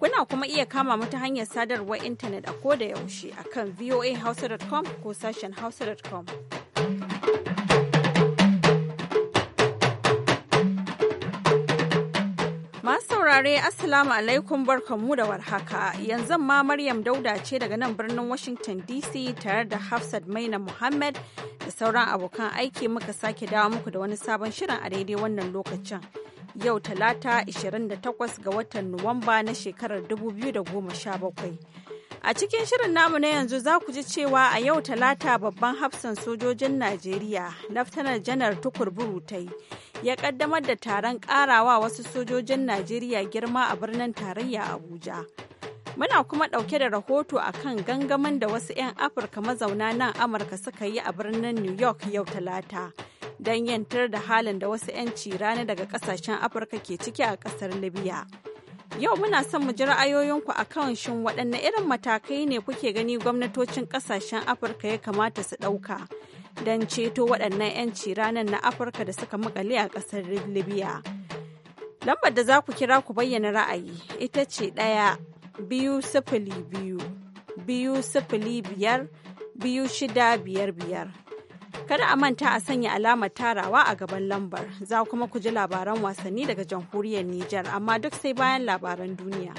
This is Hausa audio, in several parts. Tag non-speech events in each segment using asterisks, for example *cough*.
Kuna kuma iya kama mu ta hanyar sadarwar intanet a koda yaushe a kan voahouse.com ko sashen hausa.com. Masu saurare Assalamu alaikum mu da warhaka yanzu ma Maryam Dauda ce daga nan birnin Washington DC tare da Hafsat Maina Muhammad da sauran abokan aiki muka sake dawo muku da wani sabon shirin a daidai wannan lokacin. yau talata 28 ga watan Nuwamba na shekarar 2017. A cikin shirin namu na yanzu za ku ji cewa a yau talata babban hafsan sojojin Najeriya, Laftanar Janar Tukur Burutai, ya kaddamar da taron karawa wasu sojojin Najeriya girma a birnin tarayya Abuja. Muna kuma ɗauke da rahoto a kan gangamin da wasu 'yan Afirka mazauna nan Amurka suka yi a birnin New York yau talata. don yantar da halin da wasu 'yanci rana daga kasashen afirka ke ciki a kasar libya yau muna son mu ji ra'ayoyinku a kan shin waɗanne irin matakai ne kuke gani gwamnatocin kasashen afirka ya kamata su ɗauka don ceto waɗannan 'yanci ranar na afirka da suka makale a ƙasar libya lambar da za ku kira ku bayyana ra'ayi ita ce ɗaya biyu sifili biyu biyu sifili biyar biyu shida biyar biyar Kada a manta a sanya alamar tarawa a gaban lambar, za kuma ku ji labaran wasanni daga jamhuriyar Nijar, amma duk sai bayan labaran duniya.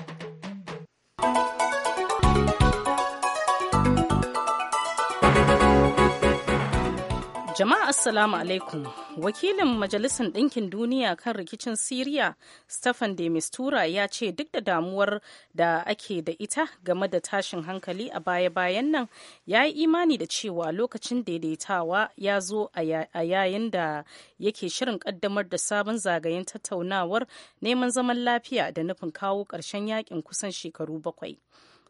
Jama'a Assalamu alaikum. Wakilin Majalisar Ɗinkin Duniya kan rikicin Siriya, Stefan de Mistura ya ce duk da damuwar da ake da ita game da tashin hankali a baya-bayan nan, ya yi imani da cewa lokacin daidaitawa ya zo a yayin da yake shirin ƙaddamar da sabon zagayen tattaunawar neman zaman lafiya da nufin kawo ƙarshen yakin kusan shekaru bakwai.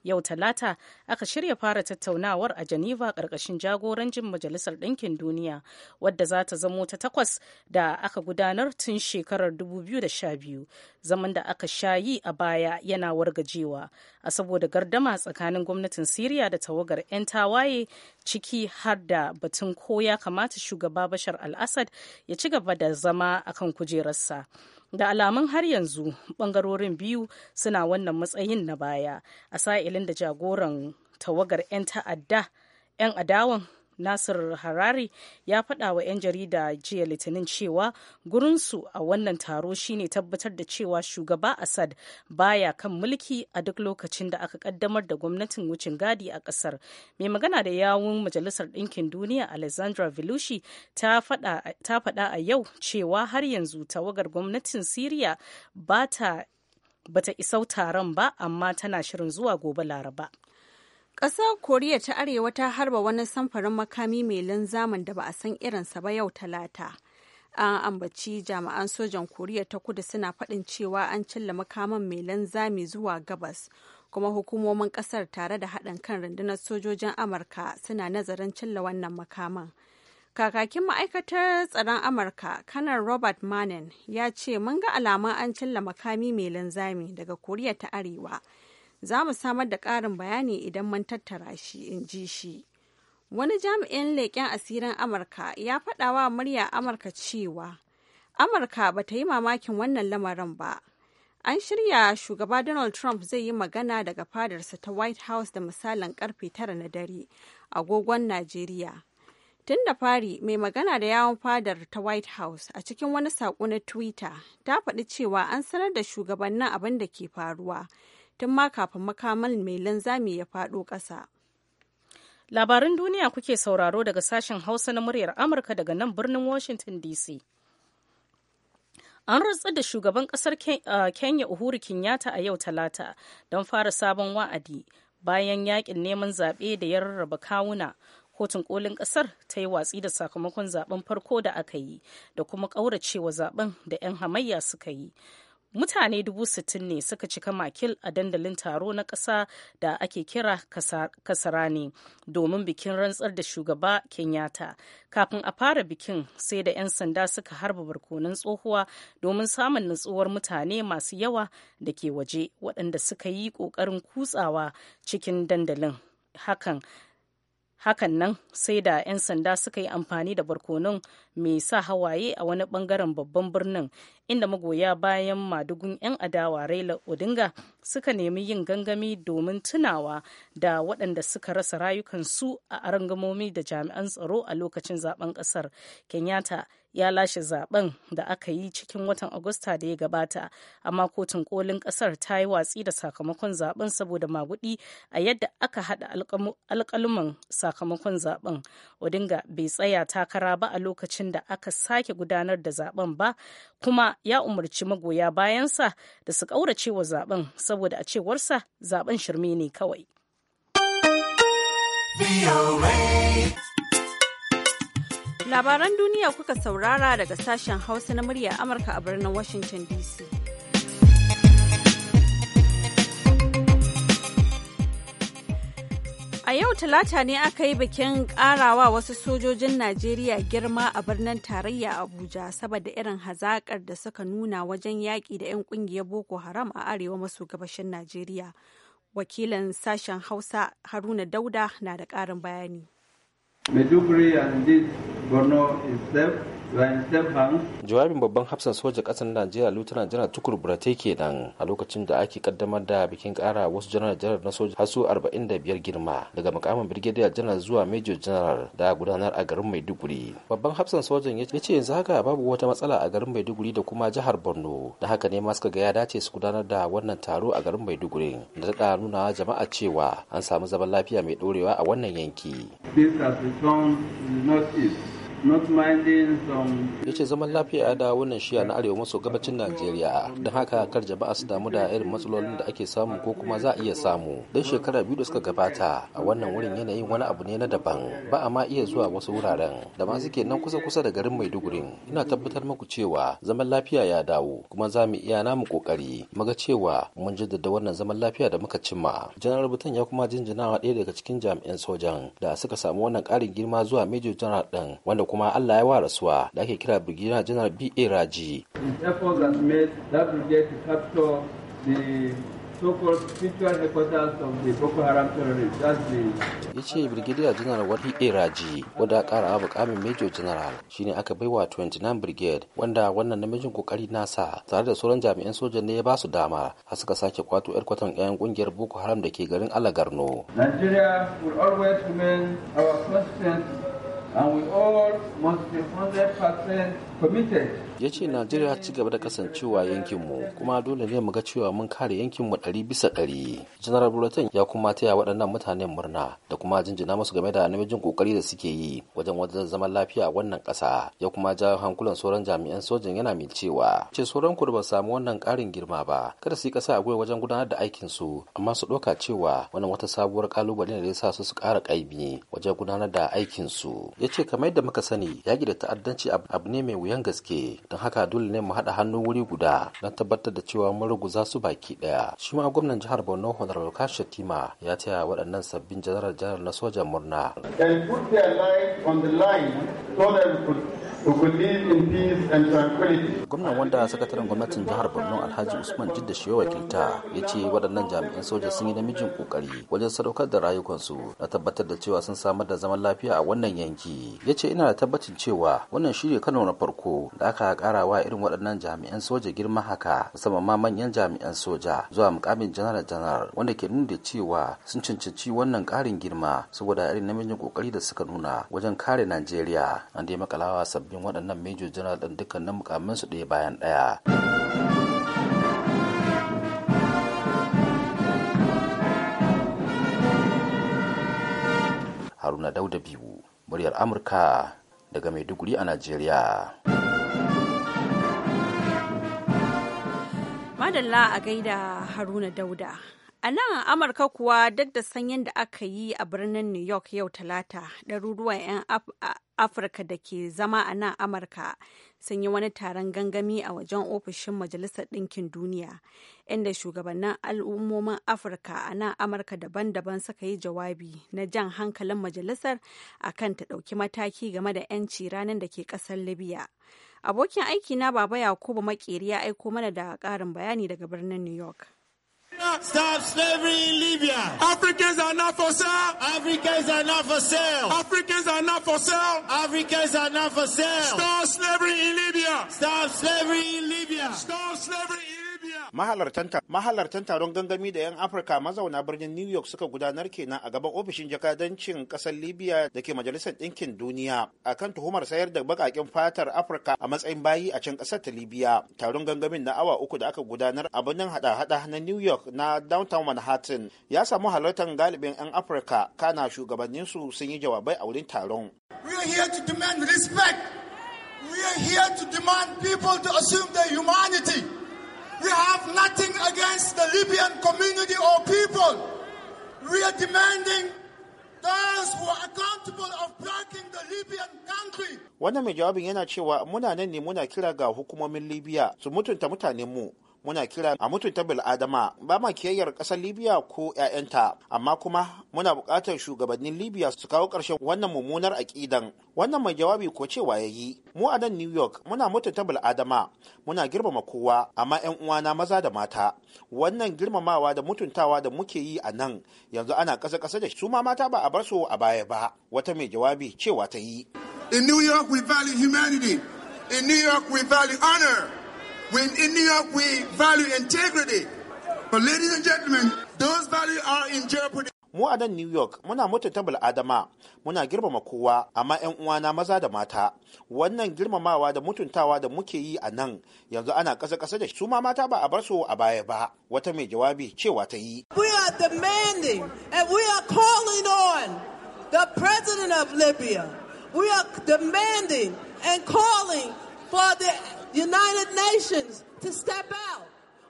yau talata aka shirya fara tattaunawar a geneva ƙarƙashin jagorancin majalisar ɗinkin duniya wadda za ta zamo ta takwas da aka gudanar tun shekarar 2012 zaman da aka shayi a baya yana wargajewa a saboda gardama tsakanin gwamnatin syria da tawagar 'yan tawaye ciki har da batun ko ya kamata shugaba bashar al-assad ya ci gaba da zama akan kujerarsa. da alamun har yanzu bangarorin biyu suna wannan matsayin na baya a sa'ilin da jagoran tawagar 'yan ta'adda 'yan adawan nasir harari ya faɗa wa 'yan jarida jiya litinin cewa gurinsu a wannan taro shine tabbatar da cewa shugaba assad baya kan mulki a duk lokacin da aka kaddamar da gwamnatin wucin gadi a ƙasar mai magana da yawun majalisar ɗinkin duniya alexandra velushi ta faɗa a yau cewa har yanzu tawagar gwamnatin syria ba ta isau taron ba amma tana shirin zuwa gobe laraba Ƙasar Koriya ta Arewa ta harba wani samfarin makami mai linzamin da ba a san irinsa ba yau talata. An ambaci jami'an sojan Koriya ta kudu suna faɗin cewa an cilla makaman mai linzami zuwa gabas, kuma hukumomin ƙasar tare da haɗin kan rundunar sojojin Amurka suna nazarin cilla wannan makaman. Kakakin ma'aikatar tsaron Amurka, kanar Robert Manin, ya ce mun ga alamun an cilla makami mai linzami daga Koriya ta Arewa. za mu samar da ƙarin bayani idan mun tattara shi in ji shi wani jami'in leƙen asirin amurka ya faɗa wa murya amurka cewa amurka ba ta yi mamakin wannan lamarin ba an shirya shugaba donald trump zai yi magana daga fadarsa ta white house da misalin karfe tara na dare agogon najeriya tun da fari mai magana da yawon fadar ta white house a cikin wani saƙo na twitter ta faɗi cewa an sanar da shugabannin abin da ke faruwa tun ma kafin makamal mai linzami ya faɗo ƙasa. Labaran duniya kuke sauraro daga sashen Hausa na muryar Amurka daga nan birnin Washington DC. An rantsar da shugaban kasar uh, Kenya Uhuru Kenyatta a yau Talata don fara sabon wa'adi bayan yakin neman zaɓe da ya rarraba kawuna. Kotun kolin kasar ta yi watsi da sakamakon zaben farko da aka yi da kuma ƙauracewa zaben da 'yan hamayya suka yi. mutane dubu sittin ne suka cika makil a dandalin taro na ƙasa da ake kira kasarani domin bikin rantsar da shugaba kenyatta kafin a fara bikin sai da 'yan sanda suka harba barkonan tsohuwa domin samun natsuwar mutane masu yawa da ke waje waɗanda suka yi ƙoƙarin kutsawa cikin dandalin hakan hakan nan sai da 'yan sanda suka yi amfani da barkonon mai sa hawaye a wani bangaren babban birnin inda magoya bayan madugun 'yan adawa raila odinga suka nemi yin gangami domin tunawa da waɗanda suka rasa rayukansu a arangamomi da jami'an tsaro a lokacin zaben ƙasar kenyatta ya lashe zaben da aka yi cikin watan agusta da ya gabata amma kotun kolin ƙasar ta yi watsi da sakamakon zaben saboda maguɗi a yadda aka haɗa alƙaluman sakamakon zaben odinga bai tsaya takara ba a lokacin lokacin da aka sake gudanar da zaben ba kuma ya umarci magoya bayansa da su ƙaurace wa zaben saboda a cewarsa zaben shirme ne kawai. Labaran duniya kuka saurara daga sashen Hausa na murya Amurka a birnin Washington DC. A yau Talata ne aka yi bikin karawa wasu sojojin Najeriya girma a birnin tarayya Abuja saboda irin hazakar da suka nuna wajen yaƙi da 'yan ƙungiyar Boko Haram a arewa maso gabashin Najeriya. Wakilin sashen Hausa Haruna Dauda na da ƙarin bayani. Maiduguri and Borno itself jawabin babban hafsan soja ƙasar najeriya lieutenant janar tukur burate nan a lokacin da ake kaddamar da bikin kara wasu janar janar na soja har su 45 girma daga makamin brigadier janar zuwa major general da gudanar a garin maiduguri babban hafsan sojan ya ce yanzu haka babu wata matsala a garin maiduguri da kuma jihar borno da haka ne masu ga ya dace su gudanar da wannan taro a garin maiduguri da ta nuna jama'a cewa an samu zaman lafiya mai dorewa a wannan yanki. ya ce zaman lafiya ya dawo wannan shiya na arewa maso gabacin najeriya don haka kar a su damu da irin matsalolin da ake samu ko kuma za a iya samu don shekara biyu da suka gabata a wannan wurin yanayin wani abu ne na daban ba a ma iya zuwa wasu wuraren da ma suke nan kusa kusa da garin maiduguri ina tabbatar maku cewa zaman lafiya ya dawo kuma za mu iya namu kokari muga cewa mun jaddada wannan zaman lafiya da muka cimma janar butan ya kuma jinjinawa ɗaya daga cikin jami'an sojan da suka samu wannan ƙarin girma zuwa major general ɗin wanda kuma Allah ya wa suwa da ake kira Brigadier General B.A. Raji. made that brigade to capture the ya ce brigadier general wani raji wadda kara abu kamin major general shine aka baiwa 29 brigade wanda wannan namijin kokari nasa tare da sauran jami'an sojan ne ya ba su dama har suka sake kwato yar kwatan yan kungiyar boko haram da ke garin alagarno nigeria will always remain our constant and we all must be 100% committed ya ce najeriya ci gaba da kasancewa yankinmu kuma dole ne mu ga cewa mun kare yankinmu ɗari bisa ɗari Janaral bulletin ya kuma taya waɗannan mutanen murna da kuma jinjina musu game da namijin kokari da suke yi wajen wajen zaman lafiya a wannan ƙasa ya kuma ja hankulan sauran jami'an sojin yana mai cewa ce sauran ku da ba samu wannan ƙarin girma ba kada su yi ƙasa a gwiwa wajen gudanar da aikin su amma su ɗauka cewa wannan wata sabuwar ƙalubale ne da ya sa su su ƙara ƙaimi wajen gudanar da aikin su ya ce kamar yadda muka sani yaƙi da ta'addanci abu ne mai wuyan gaske don haka dole ne mu haɗa hannu wuri guda don tabbatar da cewa mun ruguza su baki ɗaya shi ma gwamnan jihar borno honorable kashi shatima ya taya waɗannan sabbin janar janar na sojan murna gwamnan wanda sakataren gwamnatin jihar borno alhaji usman jidda shi wakilta ya ce waɗannan jami'an soja sun yi namijin ƙoƙari wajen sadaukar da rayukansu na tabbatar da cewa sun samar da zaman lafiya a wannan yanki ya ce ina da tabbacin cewa wannan shirya kano na farko da aka karawa irin waɗannan jami'an soja girma haka musamman ma manyan jami'an soja zuwa mukamin janar janar wanda ke nuna da cewa sun cancanci wannan karin girma saboda irin namijin kokari da suka nuna wajen kare Najeriya an dai makalawa sabbin waɗannan major general ɗin dukkanin su ɗaya bayan ɗaya. Haruna Dauda biyu, muryar Amurka daga Maiduguri a Najeriya. madalla a gaida haruna dauda A nan Amurka kuwa duk da sanyin da aka yi a birnin New York yau Talata, ɗaruruwan 'yan Afirka da ke zama a nan Amurka sun yi wani taron gangami a wajen ofishin Majalisar Ɗinkin Duniya, inda shugabannin al'ummomin Afirka a nan Amurka daban-daban suka yi jawabi na jan hankalin majalisar a kan ta ɗauki mataki game da 'yanci ranar da ke ƙasar Libya. Abokin aiki na Baba Yakubu Makeri ya aiko mana da ƙarin bayani daga birnin New York. Stop slavery in Libya. Africans are not for sale. Africans are not for sale. Africans are not for sale. Africans are not for sale. Stop slavery in Libya. Stop slavery in Libya. Stop slavery in Libya. Mahalartan taron gangami da 'yan Afirka mazauna birnin New York suka gudanar kenan a gaban ofishin jakadancin ƙasar Libya da ke Majalisar Ɗinkin Duniya a kan tuhumar sayar da baƙaƙen fatar Afirka a matsayin bayi a can ƙasar ta Libya. Taron gangamin na awa uku da aka gudanar a birnin haɗa-haɗa na New York na downtown Manhattan ya samu halartar galibin 'yan Afirka kana shugabanninsu sun yi jawabai a wurin taron. We are here to demand respect. We are here to demand people to assume their humanity. We have nothing against the Libyan community or people. We are demanding those who are accountable of blocking the Libyan country. Wannan mai jawabin yana cewa muna nan ne muna kira ga hukumomin Libya su mutunta mutanenmu muna kira a mutunta bil'adama ba ma kiyayyar ƙasar libya ko 'ya'yanta amma kuma muna buƙatar shugabannin libya su kawo ƙarshen wannan mummunar aƙidan wannan mai jawabi ko cewa ya yi mu a nan new york muna mutunta bil'adama muna girmama kowa amma 'yan uwana maza da mata wannan girmamawa da mutuntawa da muke yi a nan yanzu ana ƙasa ƙasa da su ma mata ba a bar su a baya ba wata mai jawabi cewa ta yi in new york we value humanity in new york we value honor We in New York, we value integrity. But ladies and gentlemen, those values are in jeopardy. Mu a nan New York muna mutunta bil'adama muna girmama kowa amma 'yan uwana maza da mata wannan girmamawa da mutuntawa da muke yi a nan yanzu ana kasa kasa da su ma mata ba a bar su a baya ba wata mai jawabi cewa ta yi. We are demanding and we are calling on the president of Libya. We are demanding and calling for the United Nations to step out.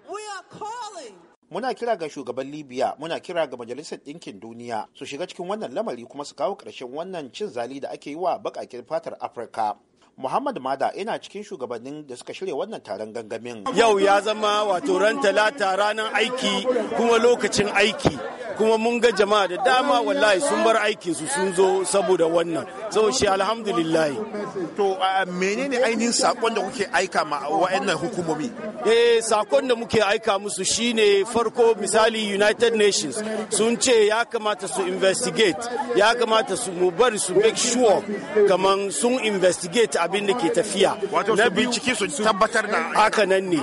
We are calling muna kira ga shugaban libya muna kira ga majalisar ɗinkin duniya su shiga cikin wannan lamari kuma su kawo ƙarshen wannan cin zali da ake yi wa baƙaƙen fatar afirka Muhammad Mada yana cikin shugabannin da suka shirya wannan taron gangamin. Yau ya zama wato ran talata ranar aiki kuma lokacin aiki kuma mun ga jama'a da dama wallahi sun bar aikin su sun zo saboda wannan saboda shi alhamdulillah to menene ainihin sakon da kuke aika ma wa'annan hukumomi eh sakon da muke aika musu shine farko misali United Nations sun ce ya kamata su investigate ya kamata su mu bari su make sure kaman sun investigate abin da ke tafiya wato su su tabbatar da haka nan ne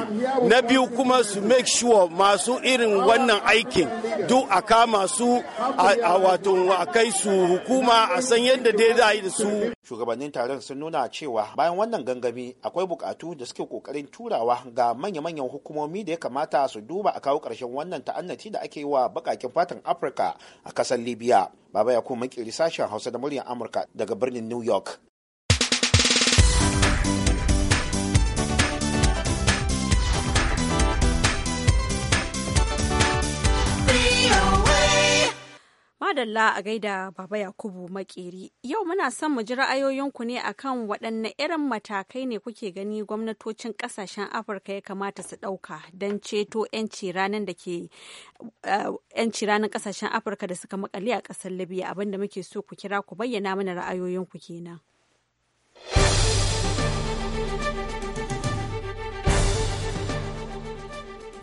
na biyu kuma su make sure masu irin wannan aikin duk a kama su a wato a kai su hukuma a san yadda dai za yi da su shugabannin taron sun nuna cewa bayan wannan gangami akwai bukatu da suke kokarin turawa ga manya-manyan hukumomi da ya kamata su duba a kawo karshen wannan ta'annati da ake yi wa bakakin fatan afirka a kasar libya baba ya kuma makiri sashen hausa da muryar amurka daga birnin new york madalla a gaida Baba Yakubu Makeri. Yau muna son mu ji ra'ayoyinku ne akan waɗanne irin matakai ne kuke gani gwamnatocin ƙasashen Afirka ya kamata su ɗauka don ceto 'yanci ranar da eh, ƙasashen Afirka da suka makale a ƙasar Libya abinda muke so ku kira ku bayyana mana ra'ayoyinku kenan.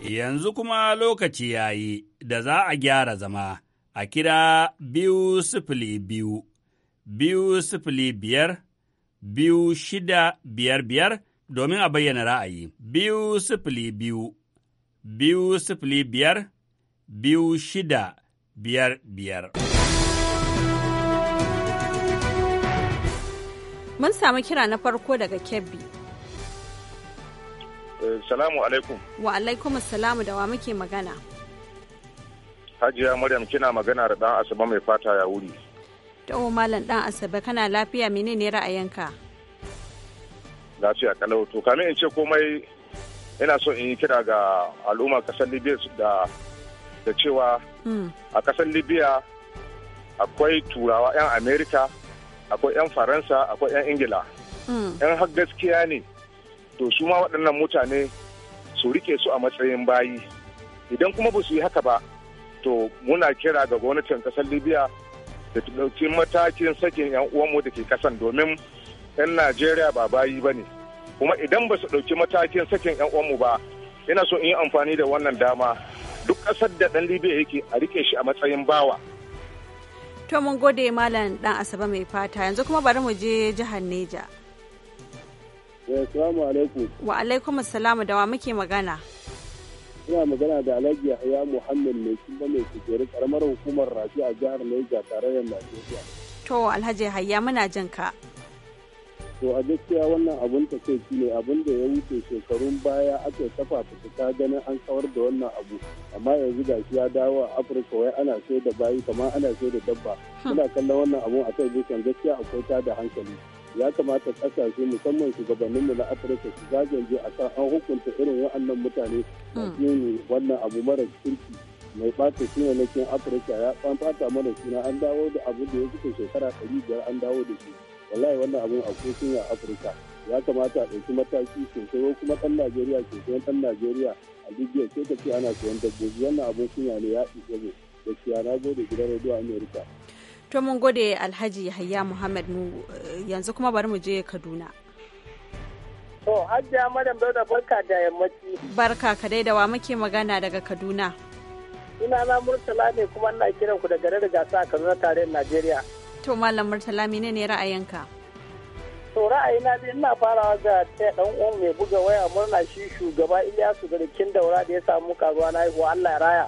Yanzu kuma lokaci yayi da za a gyara zama. a kira biyu sifili biyu, biyu sifili biyar, biyu shida biyar biyar domin a bayyana ra'ayi. Biyu sifili biyu, biyu sifili biyar, biyu shida biyar biyar. Mun samu kira na farko daga Kebbi. Eh, salamu alaikum. Wa alaikum salamu da wa muke magana. Hajiya Maryam kina magana da ɗan Asabe mai fata ya wuri. Tawo Malam ɗan Asabe kana lafiya menene ra'ayinka? Lafiya kalau to kamin in ce komai ina so in yi kira ga al'umma kasar Libya da cewa hmm. a kasar Libya akwai turawa 'yan Amerika akwai 'yan Faransa akwai 'yan Ingila. ‘Yan hmm. har gaskiya ne to su ma waɗannan mutane su rike su a matsayin bayi idan kuma ba su yi haka ba to muna kira ga gwamnatin kasar libya da ta matakin sakin yan uwanmu da ke kasan domin yan najeriya ba bayi ba ne kuma idan ba su ɗauki matakin sakin yan uwanmu ba ina so in yi amfani da wannan dama duk ƙasar da ɗan libya yake a rike shi a matsayin bawa to mun gode malam dan asaba mai fata yanzu kuma bari mu je jihar neja wa alaikum assalamu da wa muke magana suna magana da alhaji yahaya muhammad mai kuma mai kujeru karamar hukumar rafi a jihar naija tarayyar najeriya to alhaji yahaya muna jin ka to a gaskiya wannan abun ta ce ne abun da ya wuce shekarun baya aka kafa fita ganin an kawar da wannan abu amma yanzu ga shi ya dawo a afirka wai ana sai da bayi kamar ana sai da dabba hmm. muna kallon wannan abun a kai gaskiya akwai ta da hankali ya kamata kasashe musamman shugabannin mu na afirka su zagaje a kan an hukunta irin waɗannan mutane ne hmm. wannan abu mara kirki mai ɓata suna na cikin afirka ya an fata mana suna an dawo da abu da ya suke shekara ɗari biyar an dawo da shi wallahi wannan abun akwai sun a afirka ya kamata a ɗauki mataki sosai kuma ɗan najeriya sosai ɗan najeriya a libya sai ta ce ana siyan dabbobi wannan abun suna ne ya isa ne gaskiya na gode gidan rediyo amerika to mun gode alhaji yahaya muhammad mu eh, yanzu kuma bari mu je kaduna to hajjiya madam da barka da yammaci barka ka da wa muke magana daga kaduna ina na murtala ne kuma ina kiran ku da rarraga sa a kaduna tarayyar najeriya to malam murtala mene ne ra'ayinka to ra'ayina dai ina farawa ga ta dan uwan mai buga waya murna shi shugaba Ilyasu garikin Daura da ya samu karuwa na haihuwa Allah ya raya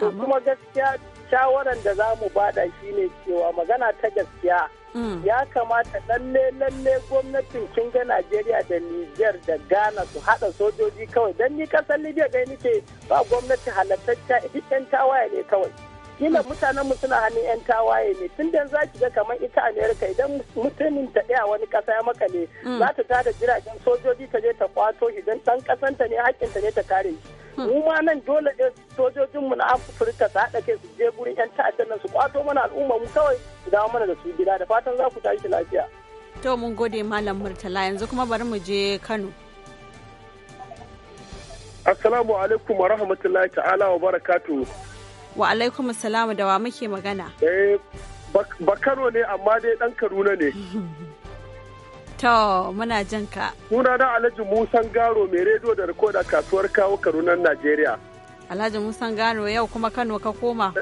kuma gaskiya shawaran da za mu bada ne cewa magana ta gaskiya mm. ya kamata lalle lalle gwamnatin kinga Najeriya da Nijar da Ghana su haɗa sojoji kawai don ni kasar Libya gai nike ba gwamnati halattacca duk yan tawaye ne kawai kila mm. mutanen mu suna hannun yan tawaye ne tun da za ki ga kamar ita Amerika idan mutumin ta ɗaya wani ƙasa ya maka ne mm. za ta tada jiragen sojoji ta je ta kwato idan don ɗan ƙasanta ne hakkinta ne ta kare shi mu ma nan dole ne mu na afirka su haɗa kai su je gurin yan ta'addan nan su kwato mana al'umma mu kawai su dawo mana da su gida da fatan za ku tashi lafiya to mun gode malam murtala yanzu kuma bari mu je kano assalamu alaikum wa rahmatullahi ta'ala wa barakatuhu wa alaikum assalamu da wa muke magana eh bakaro ne amma dai dan kaduna ne *laughs* To muna jin ka. Suna na Alhaji Musan Garo mai rediyo da rikoda kasuwar kawo Karunan Najeriya. Alhaji Musan Garo yau kuma Kano ka koma.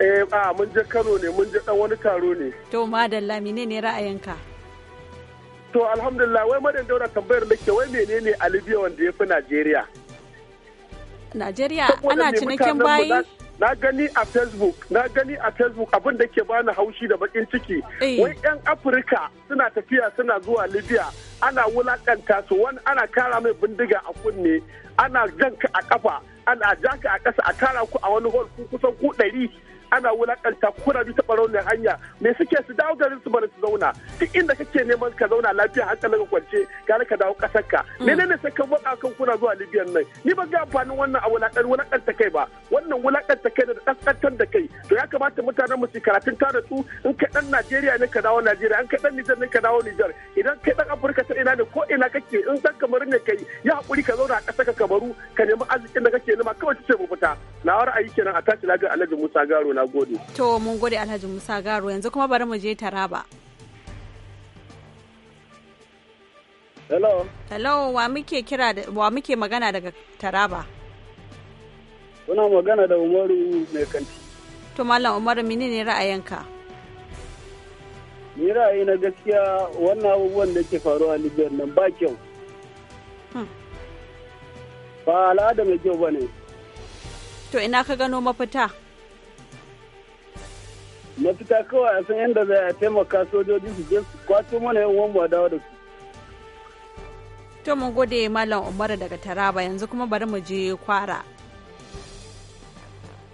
Eh a mun je Kano ne mun je dan wani taro ne. To madalla ne ra'ayinka? To alhamdulillah wai madan daura tambayar nake wai menene Alibiya wanda ya fi Najeriya? Najeriya ana cinikin bayi? na gani a facebook na gani a facebook abin da ke bani haushi da bakin ciki eh. wai yan afirka suna tafiya suna zuwa libya ana wulakanta su wani ana kara mai bindiga a kunne ana janka a kafa ana jaka a ƙasa a kara ku a wani hol kusan ku ɗari ana wulakanta kuna ta taɓa hanya me suke su dawo garin su bari su zauna duk inda kake neman ka zauna lafiya hankalin kwance gara ka dawo kasar ka mm. ne sai ka buƙa kan kuna zuwa Libyan nan ni ba ga amfanin wannan a wulakan wulakanta kai ba wannan wulakanta kai da kaskantar da kai to ya kamata mutanen mu karatun ta da su in ka dan Najeriya ne ka dawo Najeriya in ka dan Nijar ne ka dawo Nijar idan kai dan Afirka ta ina ne ko ina kake in san kamar ne kai ya hakuri ka zauna a kasar ka kamaru ka nemi arzikin da kake nema kawai ce mu fita na ra'ayi kenan a tashi lafiya Alhaji Musa Garo na gode. To mun gode Alhaji Musa Garo yanzu kuma bari mu je Taraba. Hello. Hello wa muke kira wa muke magana daga Taraba? Kuna magana da Umaru mai kanti. To Mallam Umaru ne ra'ayinka? Ni ra'ayi na gaskiya wannan abubuwan da ke faruwa a Libya nan ba kyau. Hmm. Ba al'ada mai kyau ba ne. To ina ka gano mafita? mafita kawai a san yadda zai a taimaka sojoji su je su kwato mana yan uwan dawo da su to mun gode malam umaru daga taraba yanzu kuma bari mu je kwara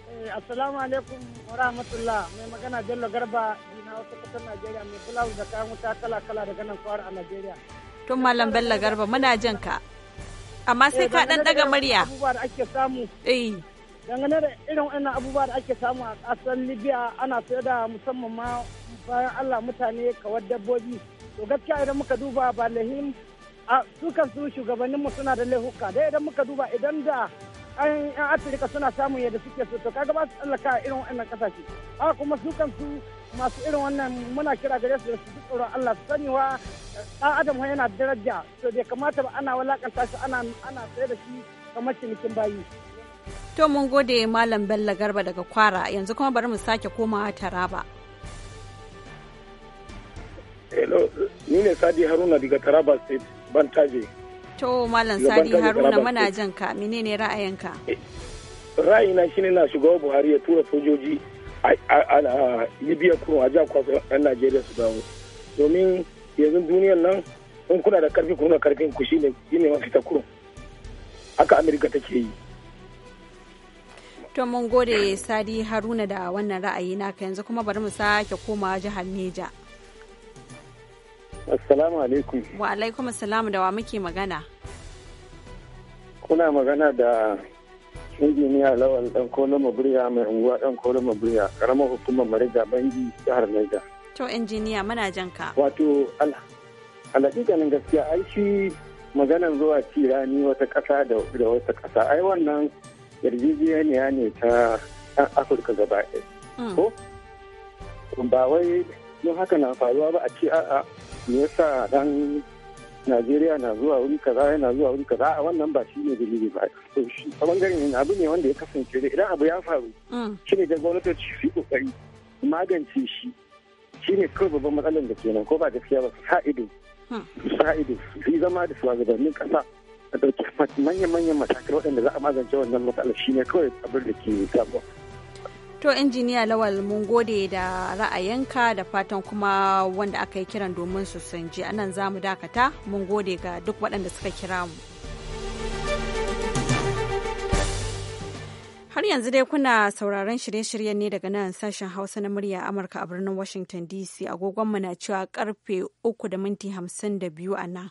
eh, assalamu alaikum mai magana bello garba ina wasu kasar najeriya mai kula da kayan wuta kala kala daga nan kwara a najeriya tun malam bello garba muna jin ka amma sai eh, ka ɗan ɗaga murya da ake samu eh dangane da irin wannan abubuwa da ake samu a ƙasar libya ana sayar da musamman ma bayan allah mutane kawar dabbobi to gaskiya idan muka duba ba lahim a su shugabannin mu suna da laihuka dai idan muka duba idan da an yan afirka suna samun yadda suke so to kaga ba su tsallaka irin wannan kasashe a kuma su masu irin wannan muna kira gare su da su tsoron Allah su sani wa ɗan adam yana daraja to bai kamata ba ana walakanta shi ana ana sayar da shi kamar cinikin bayi To mun gode Malam Bello Garba daga Kwara yanzu kuma bari mu sake komawa Taraba. Hello, ni ne Sadi Haruna daga Taraba State Bantaje. To Malam Sadi Haruna mana jan ka, menene ra'ayinka? Eh, ra'ayina shine na shiga Buhari ya tura sojoji a Libya kuma a jakwa kwasu ɗan Najeriya su dawo. Domin yanzu duniyar nan in kuna da karfi kuna karfin ku shine shine mafita kurum. Haka Amerika take yi. To mun gode Sadi Haruna da wannan ra'ayi naka yanzu kuma bari mu sake komawa jihar Neja. Assalamu alaikum. Wa alaikum assalamu da wa muke magana. Kuna magana da injiniya Lawal dan kolo Burya mai unguwa dan kolo Burya karamar hukumar Mariga Bangi jihar Neja. To injiniya muna jan ka. Wato alhaƙiƙanin gaskiya ai shi maganar zuwa cirani wata ƙasa da wata ƙasa ai wannan yarjejeniya ne ta afirka gaba ɗaya mm. ko ba wai don haka na faruwa ba a ce a'a me yasa ɗan najeriya na zuwa wuri kaza yana zuwa wuri kaza a wannan ba shi ne dalili ba shi a bangaren abu ne wanda ya kasance da idan abu ya faru mm. shi ne da gwamnatoci su kokari magance shi shi ne kawai babban matsalar da kenan ko ba gaskiya ba sa ido mm. sa ido zama da shugabannin kasa a ɗauki manyan-manyan matakan waɗanda za a magance wannan matsalar shine kawai abin da ke samuwa. To injiniya Lawal mun gode da ra'ayinka da fatan kuma wanda aka yi kiran domin su sun ji anan za mu dakata mun gode ga duk waɗanda suka kira mu. Har yanzu dai kuna sauraron shirye-shiryen ne daga nan sashen Hausa na murya Amurka a birnin Washington DC agogonmu na cewa karfe uku da minti hamsin da biyu a nan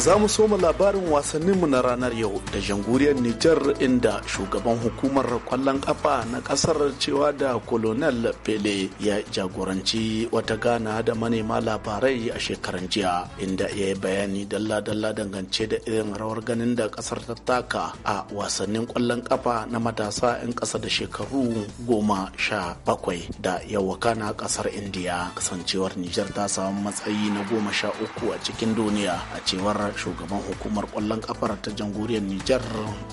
Za mu soma labarin wasanninmu na ranar yau da janguriyar Nijar inda shugaban hukumar kwallon kafa na kasar cewa da Colonel Pele ya jagoranci wata gana da manema labarai a shekaran jiya inda ya yi bayani dalla-dalla dangance da irin rawar ganin da kasar ta taka a wasannin kwallon kafa na matasa 'yan kasa da shekaru goma sha bakwai da yawa na kasar Indiya kasancewar Nijar ta samu matsayi na goma sha uku a cikin duniya a cewar shugaban hukumar kwallon kafar ta jamhuriyar Nijar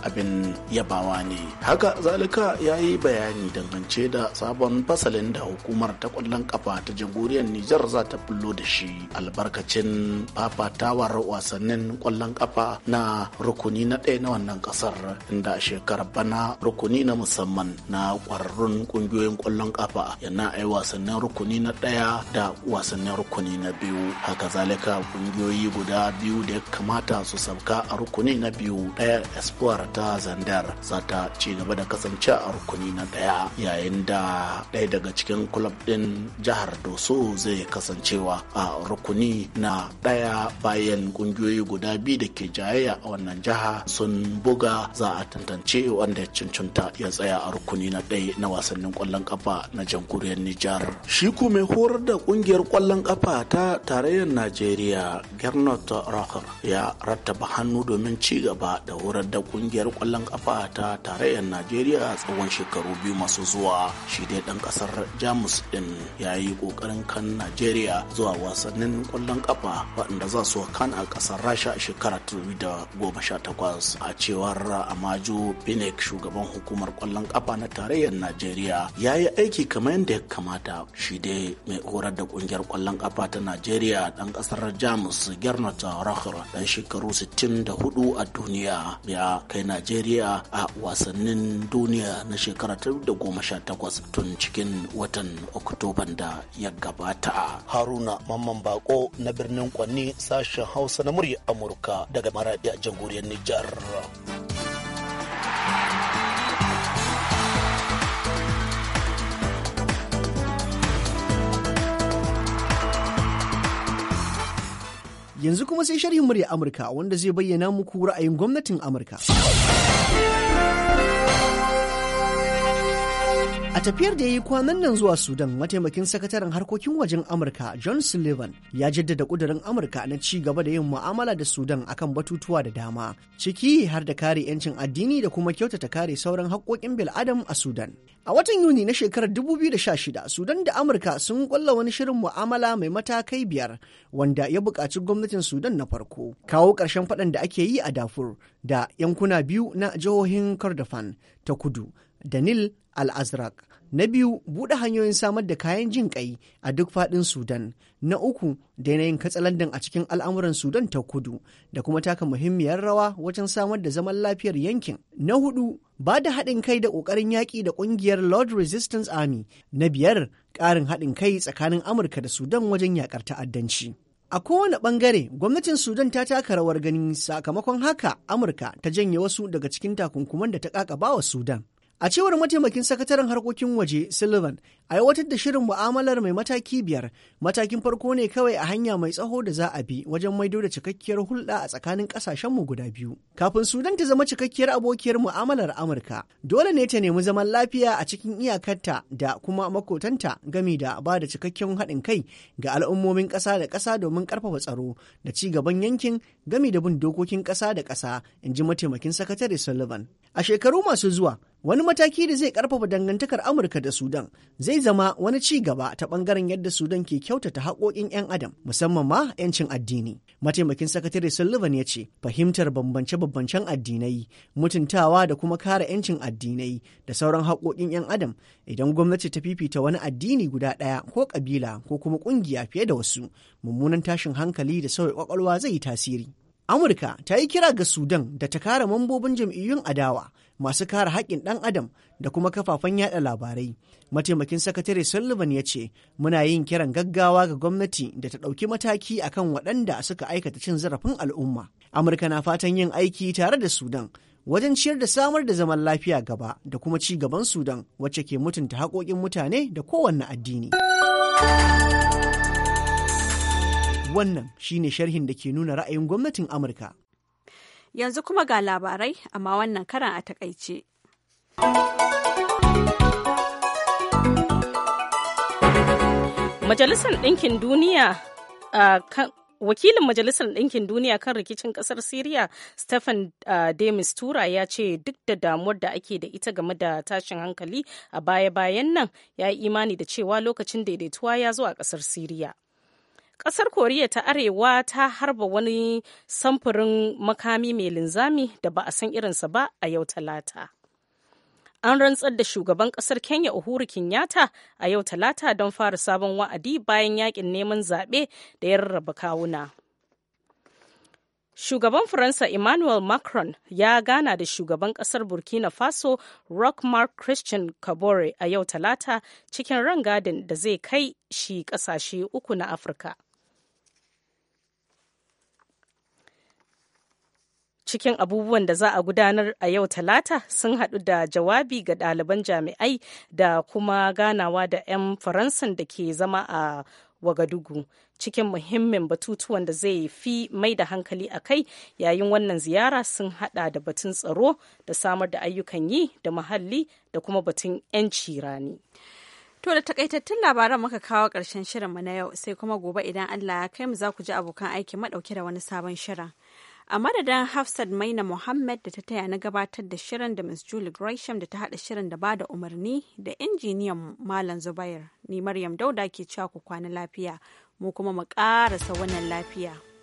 abin yabawa ne. Haka zalika ya yi bayani dangance da sabon fasalin da hukumar ta kwallon kafa ta jamhuriyar Nijar za ta bullo da shi albarkacin fafatawar wasannin kwallon kafa na rukuni na ɗaya na wannan ƙasar inda a shekarar bana rukuni na musamman na ƙwararrun ƙungiyoyin kwallon kafa yana a yi wasannin rukuni na ɗaya da wasannin rukuni na biyu. Haka zalika ƙungiyoyi guda biyu da kamata su sauka a rukuni na biyu ɗaya espoir ta zandar za ta ci gaba da kasance a rukuni na ɗaya yayin da ɗaya daga cikin kulab ɗin jihar doso zai kasancewa a rukuni na ɗaya bayan ƙungiyoyi guda biyu da ke jayayya a wannan jiha sun buga za a tantance wanda cancanta ya tsaya a rukuni na ɗaya na wasannin ƙwallon ƙafa na jamhuriyar nijar shi mai horar da ƙungiyar ƙwallon ƙafa ta tarayyar najeriya gernot rocker ya rattaba hannu domin ci gaba da horar da kungiyar kwallon kafa ta tarayyar najeriya tsawon shekaru biyu masu zuwa shi dai dan kasar jamus din ya yi kokarin kan najeriya zuwa wasannin kwallon kafa waɗanda za su kan a kasar rasha a shekarar 2018 a cewar amaju binek shugaban hukumar kwallon kafa na tarayyar najeriya ya yi aiki kamar yadda ya kamata shi dai mai horar da kungiyar kwallon kafa ta najeriya dan kasar jamus gernot rocker dan shekaru 64 a duniya ya kai Najeriya a wasannin duniya na shekara ta 2018 tun cikin watan Oktoban da ya gabata. Haruna Mamman Bako na birnin Kwanni sashen Hausa na murya Amurka daga maraɗi a jamhuriyar Nijar. Yanzu kuma sai sharhin murya Amurka wanda zai bayyana muku ra'ayin gwamnatin Amurka. A tafiyar da ya yi kwanan nan zuwa Sudan, mataimakin sakataren harkokin wajen Amurka John Sullivan ya jaddada ƙudurin Amurka na ci gaba da yin mu'amala da Sudan akan batutuwa da dama, ciki har da kare 'yancin addini da kuma kyautata kare sauran haƙƙoƙin bil'adam a Sudan. A watan Yuni na shekarar 2016, Sudan da Amurka sun ƙulla wani shirin mu'amala mai matakai biyar wanda ya buƙaci gwamnatin Sudan na farko, kawo ƙarshen faɗan da ake yi a Darfur da yankuna biyu na jihohin Kordofan ta kudu da al-azraq na biyu buɗe hanyoyin samar da kayan jin ƙai a duk faɗin sudan na uku da yanayin katsalandan a cikin al'amuran sudan ta kudu da kuma taka muhimmiyar rawa wajen samar da zaman lafiyar yankin na hudu ba da haɗin kai da ƙoƙarin yaƙi da ƙungiyar lord resistance army na biyar ƙarin haɗin kai tsakanin amurka da sudan wajen yaƙar ta'addanci A kowane ɓangare, gwamnatin Sudan ta taka rawar gani sakamakon haka Amurka ta janye wasu daga cikin takunkuman da ta ƙaƙabawa Sudan. A cewar mataimakin sakataren harkokin waje Sullivan, aiwatar da shirin mu'amalar mai mataki biyar, matakin farko ne kawai a hanya mai tsaho da za a bi wajen maido da cikakkiyar hulɗa a tsakanin ƙasashenmu guda biyu. Kafin Sudan ta zama cikakkiyar abokiyar mu'amalar Amurka, dole ne ta nemi zaman lafiya a cikin iyakarta da kuma makotanta gami da ba da cikakken haɗin kai ga al'ummomin ƙasa da ƙasa domin ƙarfafa tsaro da ci gaban yankin gami da bin dokokin ƙasa da ƙasa, in ji mataimakin sakatare Sullivan. A shekaru masu zuwa, wani mataki da zai karfafa dangantakar amurka da sudan zai zama wani ci gaba ta bangaren yadda sudan ke kyautata haƙoƙin 'yan adam musamman ma 'yancin addini mataimakin sakatare sullivan ya ce fahimtar bambance-bambancen addinai mutuntawa da kuma kare 'yancin addinai da sauran haƙoƙin 'yan adam idan gwamnati ta fifita wani addini guda ɗaya ko ƙabila ko kuma ƙungiya fiye da wasu mummunan tashin hankali da sauya ƙwaƙwalwa zai yi tasiri Amurka ta yi kira ga Sudan da ta kare mambobin jam'iyyun adawa masu kare haƙƙin ɗan adam da kuma kafafen yaɗa labarai mataimakin sakatare sullivan ya ce muna yin kiran gaggawa ga gwamnati da ta ɗauki mataki akan waɗanda suka aikata cin zarafin al'umma amurka na fatan yin aiki tare da sudan wajen ciyar da samar da zaman lafiya gaba da kuma ci gaban sudan wacce ke mutunta haƙoƙin mutane da kowanne addini wannan shine sharhin da ke nuna ra'ayin gwamnatin amurka Yanzu kuma ga labarai, amma wannan karan a takaice. Majalisar Ɗinkin Duniya uh, wakilin majalisar ɗinkin duniya kan rikicin ƙasar siriya stephen uh, demis tura ya ce duk da damuwar da ake da ita game da tashin hankali a baya-bayan nan ya yi imani da cewa lokacin daidaituwa ya zo a ƙasar siriya Ƙasar Koriya ta Arewa ta harba wani samfurin makami mai linzami da ba a san irinsa ba a yau talata. An rantsar da shugaban ƙasar Kenya Uhuru Kenyatta a yau talata don fara sabon wa'adi bayan yakin neman zaɓe da yarraba kawuna. Shugaban Faransa Emmanuel Macron ya gana da shugaban kasar Burkina Faso Rockmark Christian Kabore a yau Talata cikin rangadin da zai kai shi kasashe uku na Afirka. cikin abubuwan da za a gudanar a yau talata sun haɗu da jawabi ga ɗaliban jami'ai da kuma ganawa da 'yan faransan da ke zama a wagadugu cikin muhimmin batutuwan da zai fi mai da hankali a kai yayin wannan ziyara sun hada da batun tsaro da samar da ayyukan yi da muhalli da kuma batun 'yanci rani. To da takaitattun labaran muka kawo ƙarshen shirinmu na yau sai kuma gobe idan Allah ya kai mu za ku ji abokan aiki madauke da wani sabon shirin. a madadin hafsat maina muhammad da ta taya na gabatar da shirin da miss julie gresham da ta hada shirin da ba da umarni da injiniyan malam zubair ni maryam dauda ke cewa ku kwana lafiya mu kuma mu karasa wannan lafiya